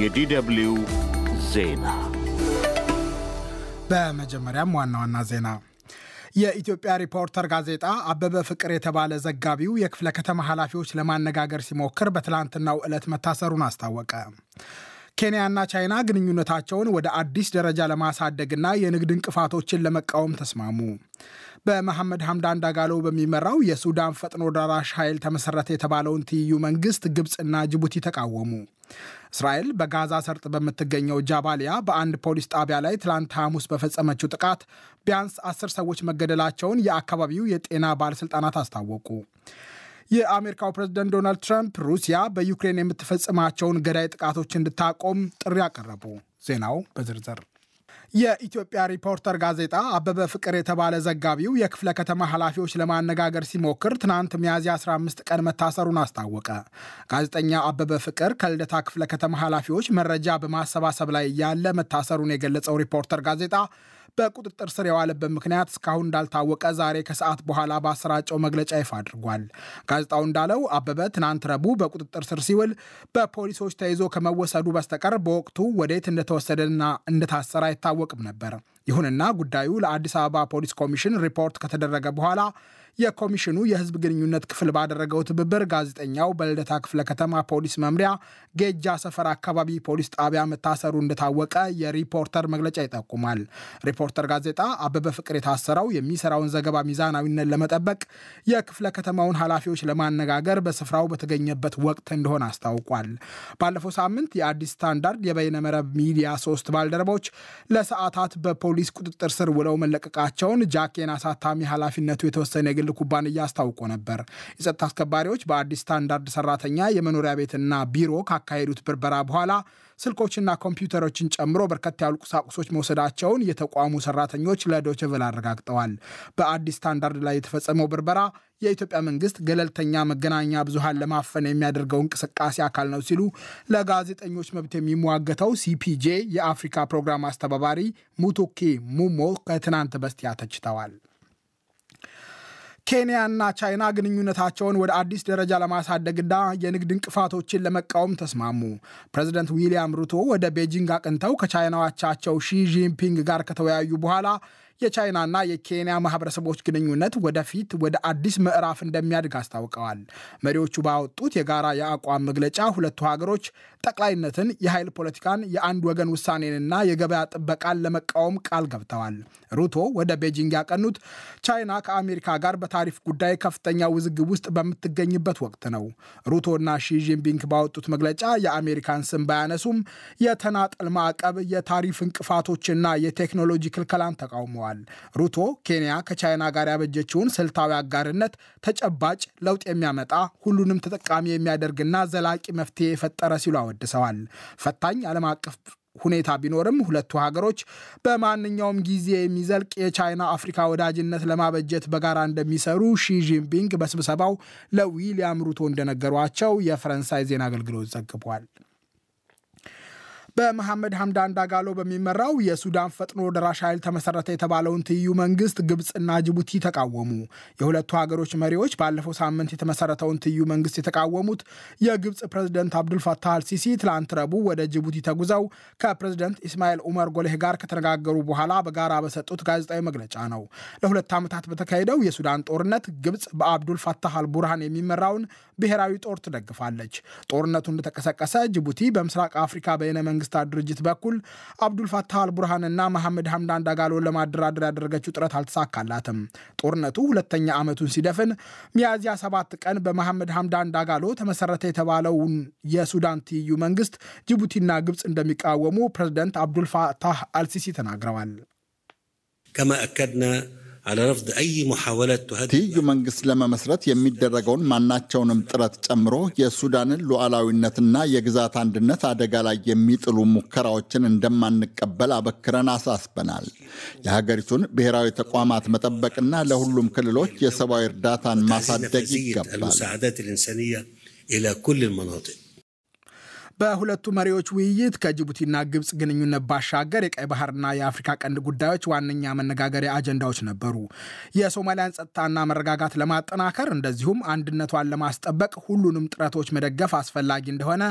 የዲደብሊው ዜና በመጀመሪያም ዋና ዋና ዜና የኢትዮጵያ ሪፖርተር ጋዜጣ አበበ ፍቅር የተባለ ዘጋቢው የክፍለ ከተማ ኃላፊዎች ለማነጋገር ሲሞክር በትላንትናው ዕለት መታሰሩን አስታወቀ። ኬንያና ቻይና ግንኙነታቸውን ወደ አዲስ ደረጃ ለማሳደግና የንግድ እንቅፋቶችን ለመቃወም ተስማሙ። በመሐመድ ሐምዳን ዳጋሎ በሚመራው የሱዳን ፈጥኖ ደራሽ ኃይል ተመሠረተ የተባለውን ትይዩ መንግሥት ግብፅና ጅቡቲ ተቃወሙ። እስራኤል በጋዛ ሰርጥ በምትገኘው ጃባሊያ በአንድ ፖሊስ ጣቢያ ላይ ትላንት ሐሙስ በፈጸመችው ጥቃት ቢያንስ አስር ሰዎች መገደላቸውን የአካባቢው የጤና ባለሥልጣናት አስታወቁ። የአሜሪካው ፕሬዝደንት ዶናልድ ትራምፕ ሩሲያ በዩክሬን የምትፈጽማቸውን ገዳይ ጥቃቶች እንድታቆም ጥሪ አቀረቡ። ዜናው በዝርዝር የኢትዮጵያ ሪፖርተር ጋዜጣ አበበ ፍቅር የተባለ ዘጋቢው የክፍለ ከተማ ኃላፊዎች ለማነጋገር ሲሞክር ትናንት ሚያዝያ 15 ቀን መታሰሩን አስታወቀ። ጋዜጠኛ አበበ ፍቅር ከልደታ ክፍለ ከተማ ኃላፊዎች መረጃ በማሰባሰብ ላይ ያለ መታሰሩን የገለጸው ሪፖርተር ጋዜጣ በቁጥጥር ስር የዋለበት ምክንያት እስካሁን እንዳልታወቀ ዛሬ ከሰዓት በኋላ በአሰራጨው መግለጫ ይፋ አድርጓል። ጋዜጣው እንዳለው አበበ ትናንት ረቡዕ በቁጥጥር ስር ሲውል በፖሊሶች ተይዞ ከመወሰዱ በስተቀር በወቅቱ ወዴት እንደተወሰደና እንደታሰረ አይታወቅም ነበር። ይሁንና ጉዳዩ ለአዲስ አበባ ፖሊስ ኮሚሽን ሪፖርት ከተደረገ በኋላ የኮሚሽኑ የህዝብ ግንኙነት ክፍል ባደረገው ትብብር ጋዜጠኛው በልደታ ክፍለ ከተማ ፖሊስ መምሪያ ጌጃ ሰፈር አካባቢ ፖሊስ ጣቢያ መታሰሩ እንደታወቀ የሪፖርተር መግለጫ ይጠቁማል። ሪፖርተር ጋዜጣ አበበ ፍቅር የታሰረው የሚሰራውን ዘገባ ሚዛናዊነት ለመጠበቅ የክፍለ ከተማውን ኃላፊዎች ለማነጋገር በስፍራው በተገኘበት ወቅት እንደሆነ አስታውቋል። ባለፈው ሳምንት የአዲስ ስታንዳርድ የበይነመረብ ሚዲያ ሶስት ባልደረቦች ለሰዓታት በፖ ፖሊስ ቁጥጥር ስር ውለው መለቀቃቸውን ጃኬን አሳታሚ ኃላፊነቱ የተወሰነ የግል ኩባንያ አስታውቆ ነበር። የጸጥታ አስከባሪዎች በአዲስ ስታንዳርድ ሰራተኛ የመኖሪያ ቤትና ቢሮ ካካሄዱት ብርበራ በኋላ ስልኮችና ኮምፒውተሮችን ጨምሮ በርከት ያሉ ቁሳቁሶች መውሰዳቸውን የተቋሙ ሰራተኞች ለዶችቭል አረጋግጠዋል። በአዲስ ስታንዳርድ ላይ የተፈጸመው ብርበራ የኢትዮጵያ መንግስት ገለልተኛ መገናኛ ብዙሃን ለማፈን የሚያደርገው እንቅስቃሴ አካል ነው ሲሉ ለጋዜጠኞች መብት የሚሟገተው ሲፒጄ የአፍሪካ ፕሮግራም አስተባባሪ ሙቱኪ ሙሞ ከትናንት በስቲያ ተችተዋል። ኬንያና ቻይና ግንኙነታቸውን ወደ አዲስ ደረጃ ለማሳደግና የንግድ እንቅፋቶችን ለመቃወም ተስማሙ። ፕሬዚደንት ዊሊያም ሩቶ ወደ ቤጂንግ አቅንተው ከቻይናዎቻቸው ሺ ጂንፒንግ ጋር ከተወያዩ በኋላ የቻይናና የኬንያ ማህበረሰቦች ግንኙነት ወደፊት ወደ አዲስ ምዕራፍ እንደሚያድግ አስታውቀዋል። መሪዎቹ ባወጡት የጋራ የአቋም መግለጫ ሁለቱ ሀገሮች ጠቅላይነትን፣ የኃይል ፖለቲካን፣ የአንድ ወገን ውሳኔንና የገበያ ጥበቃን ለመቃወም ቃል ገብተዋል። ሩቶ ወደ ቤጂንግ ያቀኑት ቻይና ከአሜሪካ ጋር በታሪፍ ጉዳይ ከፍተኛ ውዝግብ ውስጥ በምትገኝበት ወቅት ነው። ሩቶና ሺጂንፒንግ ባወጡት መግለጫ የአሜሪካን ስም ባያነሱም የተናጠል ማዕቀብ፣ የታሪፍ እንቅፋቶችና የቴክኖሎጂ ክልከላን ተቃውመዋል። ተናግረዋል። ሩቶ ኬንያ ከቻይና ጋር ያበጀችውን ስልታዊ አጋርነት ተጨባጭ ለውጥ የሚያመጣ ሁሉንም ተጠቃሚ የሚያደርግና ዘላቂ መፍትሄ የፈጠረ ሲሉ አወድሰዋል። ፈታኝ ዓለም አቀፍ ሁኔታ ቢኖርም ሁለቱ ሀገሮች በማንኛውም ጊዜ የሚዘልቅ የቻይና አፍሪካ ወዳጅነት ለማበጀት በጋራ እንደሚሰሩ ሺ ጂንፒንግ በስብሰባው ለዊሊያም ሩቶ እንደነገሯቸው የፈረንሳይ ዜና አገልግሎት ዘግቧል። በመሐመድ ሐምዳን ዳጋሎ በሚመራው የሱዳን ፈጥኖ ደራሽ ኃይል ተመሰረተ የተባለውን ትይዩ መንግስት ግብፅና ጅቡቲ ተቃወሙ። የሁለቱ ሀገሮች መሪዎች ባለፈው ሳምንት የተመሰረተውን ትይዩ መንግስት የተቃወሙት የግብፅ ፕሬዝደንት አብዱልፈታህ አልሲሲ ትላንት ረቡዕ ወደ ጅቡቲ ተጉዘው ከፕሬዝደንት ኢስማኤል ኡመር ጎሌህ ጋር ከተነጋገሩ በኋላ በጋራ በሰጡት ጋዜጣዊ መግለጫ ነው። ለሁለት ዓመታት በተካሄደው የሱዳን ጦርነት ግብፅ በአብዱልፈታህ አልቡርሃን የሚመራውን ብሔራዊ ጦር ትደግፋለች። ጦርነቱ እንደተቀሰቀሰ ጅቡቲ በምስራቅ አፍሪካ በይነ መንግስታት ድርጅት በኩል አብዱልፋታህ አልቡርሃንና መሐመድ ሐምዳን ዳጋሎን ለማደራደር ያደረገችው ጥረት አልተሳካላትም። ጦርነቱ ሁለተኛ ዓመቱን ሲደፍን ሚያዝያ ሰባት ቀን በመሐመድ ሐምዳን ዳጋሎ ተመሰረተ የተባለውን የሱዳን ትይዩ መንግስት ጅቡቲና ግብፅ እንደሚቃወሙ ፕሬዚደንት አብዱልፋታህ አልሲሲ ተናግረዋል። ከማ አከድና ትይዩ መንግስት ለመመስረት የሚደረገውን ማናቸውንም ጥረት ጨምሮ የሱዳንን ሉዓላዊነትና የግዛት አንድነት አደጋ ላይ የሚጥሉ ሙከራዎችን እንደማንቀበል አበክረን አሳስበናል። የሀገሪቱን ብሔራዊ ተቋማት መጠበቅና ለሁሉም ክልሎች የሰብአዊ እርዳታን ማሳደግ ይገባል። በሁለቱ መሪዎች ውይይት ከጅቡቲና ግብፅ ግንኙነት ባሻገር የቀይ ባህርና የአፍሪካ ቀንድ ጉዳዮች ዋነኛ መነጋገሪያ አጀንዳዎች ነበሩ። የሶማሊያን ጸጥታና መረጋጋት ለማጠናከር እንደዚሁም አንድነቷን ለማስጠበቅ ሁሉንም ጥረቶች መደገፍ አስፈላጊ እንደሆነ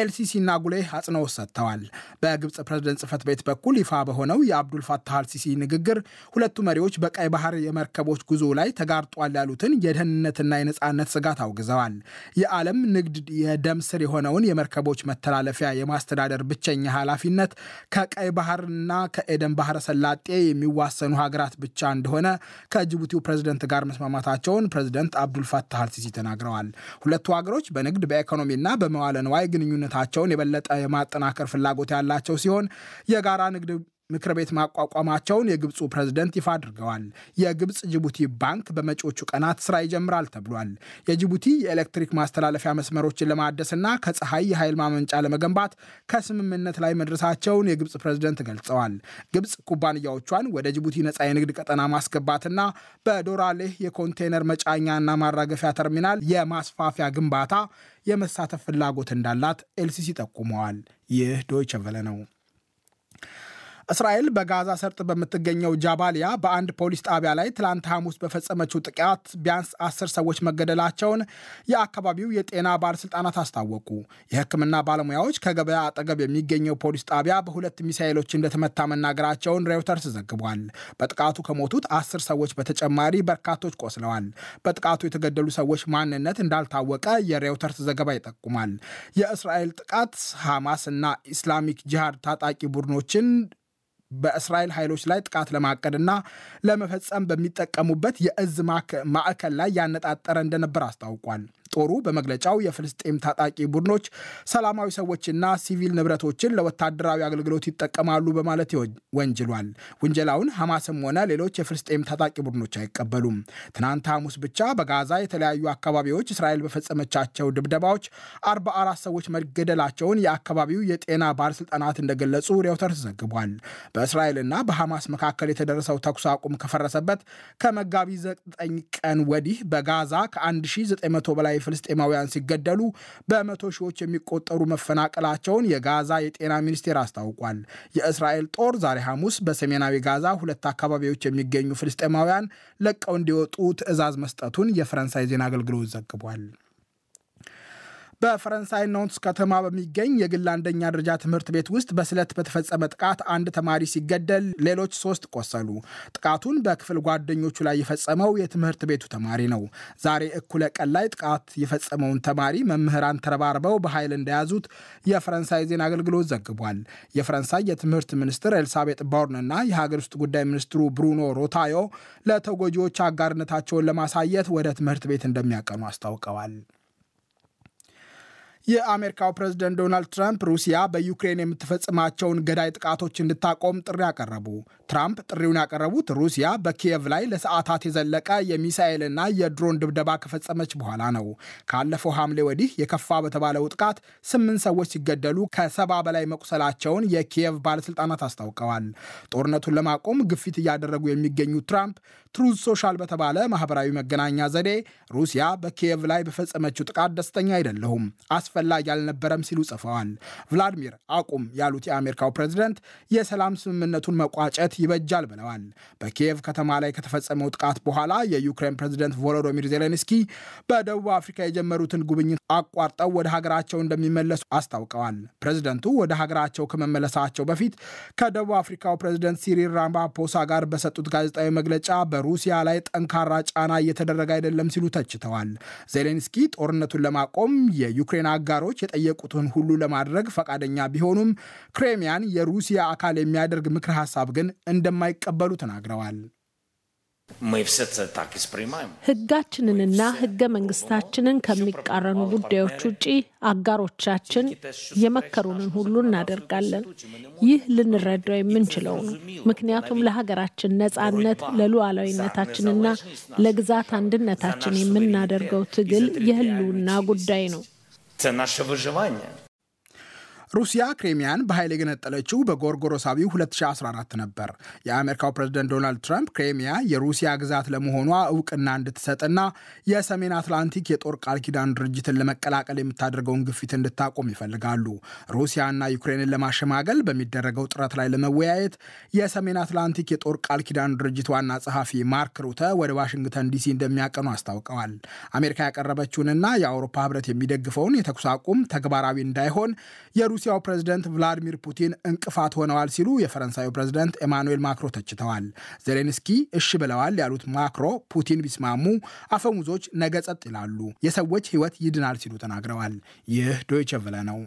ኤልሲሲና ጉሌህ አጽንኦት ሰጥተዋል። በግብፅ ፕሬዝደንት ጽህፈት ቤት በኩል ይፋ በሆነው የአብዱል አልሲሲ ንግግር ሁለቱ መሪዎች በቀይ ባህር የመርከቦች ጉዞ ላይ ተጋርጧል ያሉትን የደህንነትና የነፃነት ስጋት አውግዘዋል። የዓለም ንግድ የደም ስር የሆነውን የመርከቦች መተላለፊያ የማስተዳደር ብቸኛ ኃላፊነት ከቀይ ባህርና ከኤደን ባህረ ሰላጤ የሚዋሰኑ ሀገራት ብቻ እንደሆነ ከጅቡቲው ፕሬዝደንት ጋር መስማማታቸውን ፕሬዝደንት አብዱልፈታህ አልሲሲ ተናግረዋል። ሁለቱ ሀገሮች በንግድ በኢኮኖሚና በመዋለ ንዋይ ግንኙነታቸውን የበለጠ የማጠናከር ፍላጎት ያላቸው ሲሆን የጋራ ንግድ ምክር ቤት ማቋቋማቸውን የግብፁ ፕሬዝደንት ይፋ አድርገዋል። የግብፅ ጅቡቲ ባንክ በመጪዎቹ ቀናት ስራ ይጀምራል ተብሏል። የጅቡቲ የኤሌክትሪክ ማስተላለፊያ መስመሮችን ለማደስና ከፀሐይ የኃይል ማመንጫ ለመገንባት ከስምምነት ላይ መድረሳቸውን የግብፅ ፕሬዝደንት ገልጸዋል። ግብፅ ኩባንያዎቿን ወደ ጅቡቲ ነፃ የንግድ ቀጠና ማስገባትና በዶራሌህ የኮንቴነር መጫኛና ማራገፊያ ተርሚናል የማስፋፊያ ግንባታ የመሳተፍ ፍላጎት እንዳላት ኤልሲሲ ጠቁመዋል። ይህ ዶይቸ ቨለ ነው። እስራኤል በጋዛ ሰርጥ በምትገኘው ጃባሊያ በአንድ ፖሊስ ጣቢያ ላይ ትላንት ሐሙስ በፈጸመችው ጥቃት ቢያንስ አስር ሰዎች መገደላቸውን የአካባቢው የጤና ባለስልጣናት አስታወቁ። የሕክምና ባለሙያዎች ከገበያ አጠገብ የሚገኘው ፖሊስ ጣቢያ በሁለት ሚሳይሎች እንደተመታ መናገራቸውን ሬውተርስ ዘግቧል። በጥቃቱ ከሞቱት አስር ሰዎች በተጨማሪ በርካቶች ቆስለዋል። በጥቃቱ የተገደሉ ሰዎች ማንነት እንዳልታወቀ የሬውተርስ ዘገባ ይጠቁማል። የእስራኤል ጥቃት ሐማስ እና ኢስላሚክ ጂሃድ ታጣቂ ቡድኖችን በእስራኤል ኃይሎች ላይ ጥቃት ለማቀድና ለመፈጸም በሚጠቀሙበት የእዝ ማዕከል ላይ ያነጣጠረ እንደነበር አስታውቋል። ጦሩ በመግለጫው የፍልስጤም ታጣቂ ቡድኖች ሰላማዊ ሰዎችና ሲቪል ንብረቶችን ለወታደራዊ አገልግሎት ይጠቀማሉ በማለት ወንጅሏል። ውንጀላውን ሐማስም ሆነ ሌሎች የፍልስጤም ታጣቂ ቡድኖች አይቀበሉም። ትናንት ሐሙስ ብቻ በጋዛ የተለያዩ አካባቢዎች እስራኤል በፈጸመቻቸው ድብደባዎች 44 ሰዎች መገደላቸውን የአካባቢው የጤና ባለስልጣናት እንደገለጹ ሬውተርስ ዘግቧል። በእስራኤልና በሐማስ መካከል የተደረሰው ተኩስ አቁም ከፈረሰበት ከመጋቢት 9 ቀን ወዲህ በጋዛ ከ1900 በላይ ፍልስጤማውያን ሲገደሉ በመቶ ሺዎች የሚቆጠሩ መፈናቀላቸውን የጋዛ የጤና ሚኒስቴር አስታውቋል። የእስራኤል ጦር ዛሬ ሐሙስ በሰሜናዊ ጋዛ ሁለት አካባቢዎች የሚገኙ ፍልስጤማውያን ለቀው እንዲወጡ ትዕዛዝ መስጠቱን የፈረንሳይ ዜና አገልግሎት ዘግቧል። በፈረንሳይ ኖንትስ ከተማ በሚገኝ የግል አንደኛ ደረጃ ትምህርት ቤት ውስጥ በስለት በተፈጸመ ጥቃት አንድ ተማሪ ሲገደል ሌሎች ሶስት ቆሰሉ። ጥቃቱን በክፍል ጓደኞቹ ላይ የፈጸመው የትምህርት ቤቱ ተማሪ ነው። ዛሬ እኩለ ቀን ላይ ጥቃት የፈጸመውን ተማሪ መምህራን ተረባርበው በኃይል እንደያዙት የፈረንሳይ ዜና አገልግሎት ዘግቧል። የፈረንሳይ የትምህርት ሚኒስትር ኤልሳቤጥ ቦርን እና የሀገር ውስጥ ጉዳይ ሚኒስትሩ ብሩኖ ሮታዮ ለተጎጂዎች አጋርነታቸውን ለማሳየት ወደ ትምህርት ቤት እንደሚያቀኑ አስታውቀዋል። የአሜሪካው ፕሬዝደንት ዶናልድ ትራምፕ ሩሲያ በዩክሬን የምትፈጽማቸውን ገዳይ ጥቃቶች እንድታቆም ጥሪ አቀረቡ። ትራምፕ ጥሪውን ያቀረቡት ሩሲያ በኪየቭ ላይ ለሰዓታት የዘለቀ የሚሳኤልና የድሮን ድብደባ ከፈጸመች በኋላ ነው። ካለፈው ሐምሌ ወዲህ የከፋ በተባለው ጥቃት ስምንት ሰዎች ሲገደሉ ከሰባ በላይ መቁሰላቸውን የኪየቭ ባለስልጣናት አስታውቀዋል። ጦርነቱን ለማቆም ግፊት እያደረጉ የሚገኙት ትራምፕ ትሩዝ ሶሻል በተባለ ማህበራዊ መገናኛ ዘዴ ሩሲያ በኪየቭ ላይ በፈጸመችው ጥቃት ደስተኛ አይደለሁም አስፈላጊ አልነበረም ሲሉ ጽፈዋል። ቭላድሚር አቁም ያሉት የአሜሪካው ፕሬዝደንት የሰላም ስምምነቱን መቋጨት ይበጃል ብለዋል። በኪየቭ ከተማ ላይ ከተፈጸመው ጥቃት በኋላ የዩክሬን ፕሬዝደንት ቮሎዶሚር ዜሌንስኪ በደቡብ አፍሪካ የጀመሩትን ጉብኝት አቋርጠው ወደ ሀገራቸው እንደሚመለሱ አስታውቀዋል። ፕሬዚደንቱ ወደ ሀገራቸው ከመመለሳቸው በፊት ከደቡብ አፍሪካው ፕሬዝደንት ሲሪል ራማፖሳ ጋር በሰጡት ጋዜጣዊ መግለጫ በሩሲያ ላይ ጠንካራ ጫና እየተደረገ አይደለም ሲሉ ተችተዋል። ዜሌንስኪ ጦርነቱን ለማቆም የዩክሬን አጋሮች የጠየቁትን ሁሉ ለማድረግ ፈቃደኛ ቢሆኑም ክሬሚያን የሩሲያ አካል የሚያደርግ ምክር ሀሳብ ግን እንደማይቀበሉ ተናግረዋል። ሕጋችንንና ሕገ መንግስታችንን ከሚቃረኑ ጉዳዮች ውጪ አጋሮቻችን የመከሩንን ሁሉ እናደርጋለን። ይህ ልንረዳው የምንችለው ነው። ምክንያቱም ለሀገራችን ነጻነት፣ ለሉዓላዊነታችንና ለግዛት አንድነታችን የምናደርገው ትግል የህልውና ጉዳይ ነው። Це наше виживання. ሩሲያ ክሬሚያን በኃይል የገነጠለችው በጎርጎሮሳዊው 2014 ነበር። የአሜሪካው ፕሬዝደንት ዶናልድ ትራምፕ ክሬሚያ የሩሲያ ግዛት ለመሆኗ እውቅና እንድትሰጥና የሰሜን አትላንቲክ የጦር ቃል ኪዳን ድርጅትን ለመቀላቀል የምታደርገውን ግፊት እንድታቆም ይፈልጋሉ። ሩሲያና ዩክሬንን ለማሸማገል በሚደረገው ጥረት ላይ ለመወያየት የሰሜን አትላንቲክ የጦር ቃል ኪዳን ድርጅት ዋና ጸሐፊ ማርክ ሩተ ወደ ዋሽንግተን ዲሲ እንደሚያቀኑ አስታውቀዋል። አሜሪካ ያቀረበችውንና የአውሮፓ ህብረት የሚደግፈውን የተኩስ አቁም ተግባራዊ እንዳይሆን የሩሲያ የሩሲያው ፕሬዝደንት ቭላዲሚር ፑቲን እንቅፋት ሆነዋል ሲሉ የፈረንሳዩ ፕሬዝደንት ኤማኑኤል ማክሮ ተችተዋል። ዜሌንስኪ እሺ ብለዋል ያሉት ማክሮ ፑቲን ቢስማሙ አፈሙዞች ነገ ጸጥ ይላሉ፣ የሰዎች ሕይወት ይድናል ሲሉ ተናግረዋል። ይህ ዶይቸ ቨለ ነው።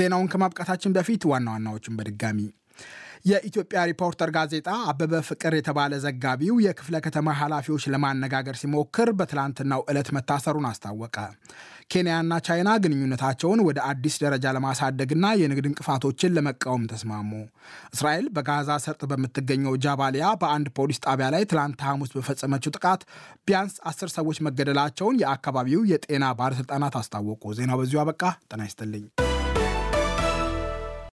ዜናውን ከማብቃታችን በፊት ዋና ዋናዎቹን በድጋሚ የኢትዮጵያ ሪፖርተር ጋዜጣ አበበ ፍቅር የተባለ ዘጋቢው የክፍለ ከተማ ኃላፊዎች ለማነጋገር ሲሞክር በትላንትናው ዕለት መታሰሩን አስታወቀ። ኬንያና ቻይና ግንኙነታቸውን ወደ አዲስ ደረጃ ለማሳደግና የንግድ እንቅፋቶችን ለመቃወም ተስማሙ። እስራኤል በጋዛ ሰርጥ በምትገኘው ጃባሊያ በአንድ ፖሊስ ጣቢያ ላይ ትላንት ሐሙስ በፈጸመችው ጥቃት ቢያንስ አስር ሰዎች መገደላቸውን የአካባቢው የጤና ባለሥልጣናት አስታወቁ። ዜናው በዚሁ አበቃ። ጤና ይስጥልኝ።